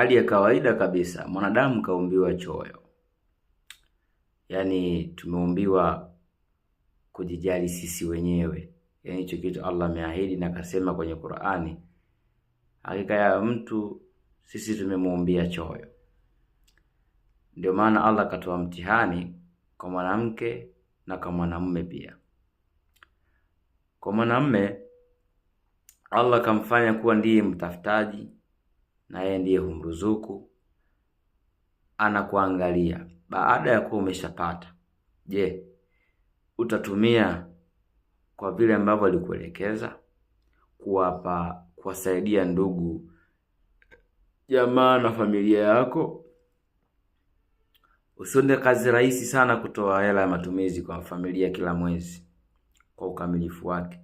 hali ya kawaida kabisa, mwanadamu kaumbiwa choyo, yaani tumeumbiwa kujijali sisi wenyewe. Yaani hicho kitu Allah ameahidi na akasema kwenye Qur'ani, hakika ya mtu sisi tumemuumbia choyo. Ndio maana Allah akatoa mtihani kwa mwanamke na kwa mwanamume pia. Kwa mwanamume Allah kamfanya kuwa ndiye mtafutaji na yeye ndiye humruzuku. Anakuangalia baada ya kuwa umeshapata. Je, utatumia kwa vile ambavyo alikuelekeza kuwapa, kuwasaidia ndugu, jamaa na familia yako? Usiende kazi rahisi sana kutoa hela ya matumizi kwa familia kila mwezi kwa ukamilifu wake.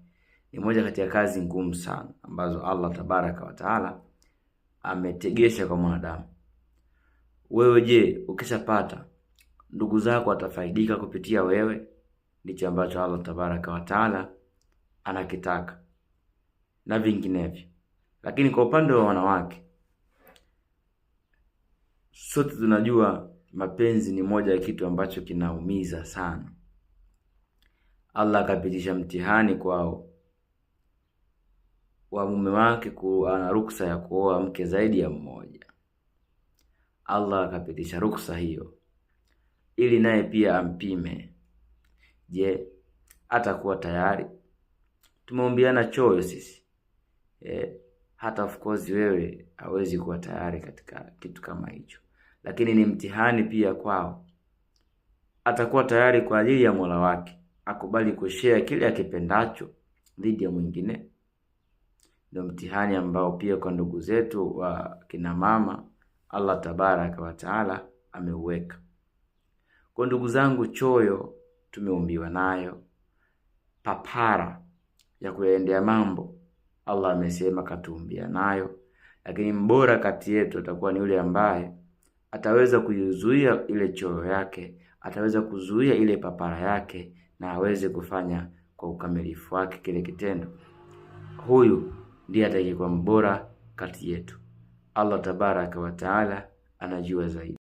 Ni moja kati ya kazi ngumu sana ambazo Allah tabaraka wa taala ametegesha kwa mwanadamu. Wewe je, ukishapata ndugu zako atafaidika kupitia wewe? Ndicho ambacho Allah tabaraka wa taala anakitaka na vinginevyo. Lakini kwa upande wa wanawake, sote tunajua mapenzi ni moja ya kitu ambacho kinaumiza sana. Allah akapitisha mtihani kwao wa mume wake ana ruksa ya kuoa mke zaidi ya mmoja. Allah akapitisha ruksa hiyo ili naye pia ampime. Je, atakuwa tayari? Tumeombiana choyo sisi e, hata of course wewe hawezi kuwa tayari katika kitu kama hicho, lakini ni mtihani pia kwao. Atakuwa tayari kwa ajili ya Mola wake, akubali kushare kile akipendacho dhidi ya mwingine ndio mtihani ambao pia kwa ndugu zetu wa kina mama Allah tabaraka wa taala ameuweka. Kwa ndugu zangu, choyo tumeumbiwa nayo, papara ya kuyaendea mambo Allah amesema katuumbia nayo, lakini mbora kati yetu atakuwa ni yule ambaye ataweza kuizuia ile choyo yake, ataweza kuzuia ile papara yake, na aweze kufanya kwa ukamilifu wake kile kitendo. Huyu ndiye atakayekuwa mbora kati yetu. Allah tabaraka wa taala anajua zaidi.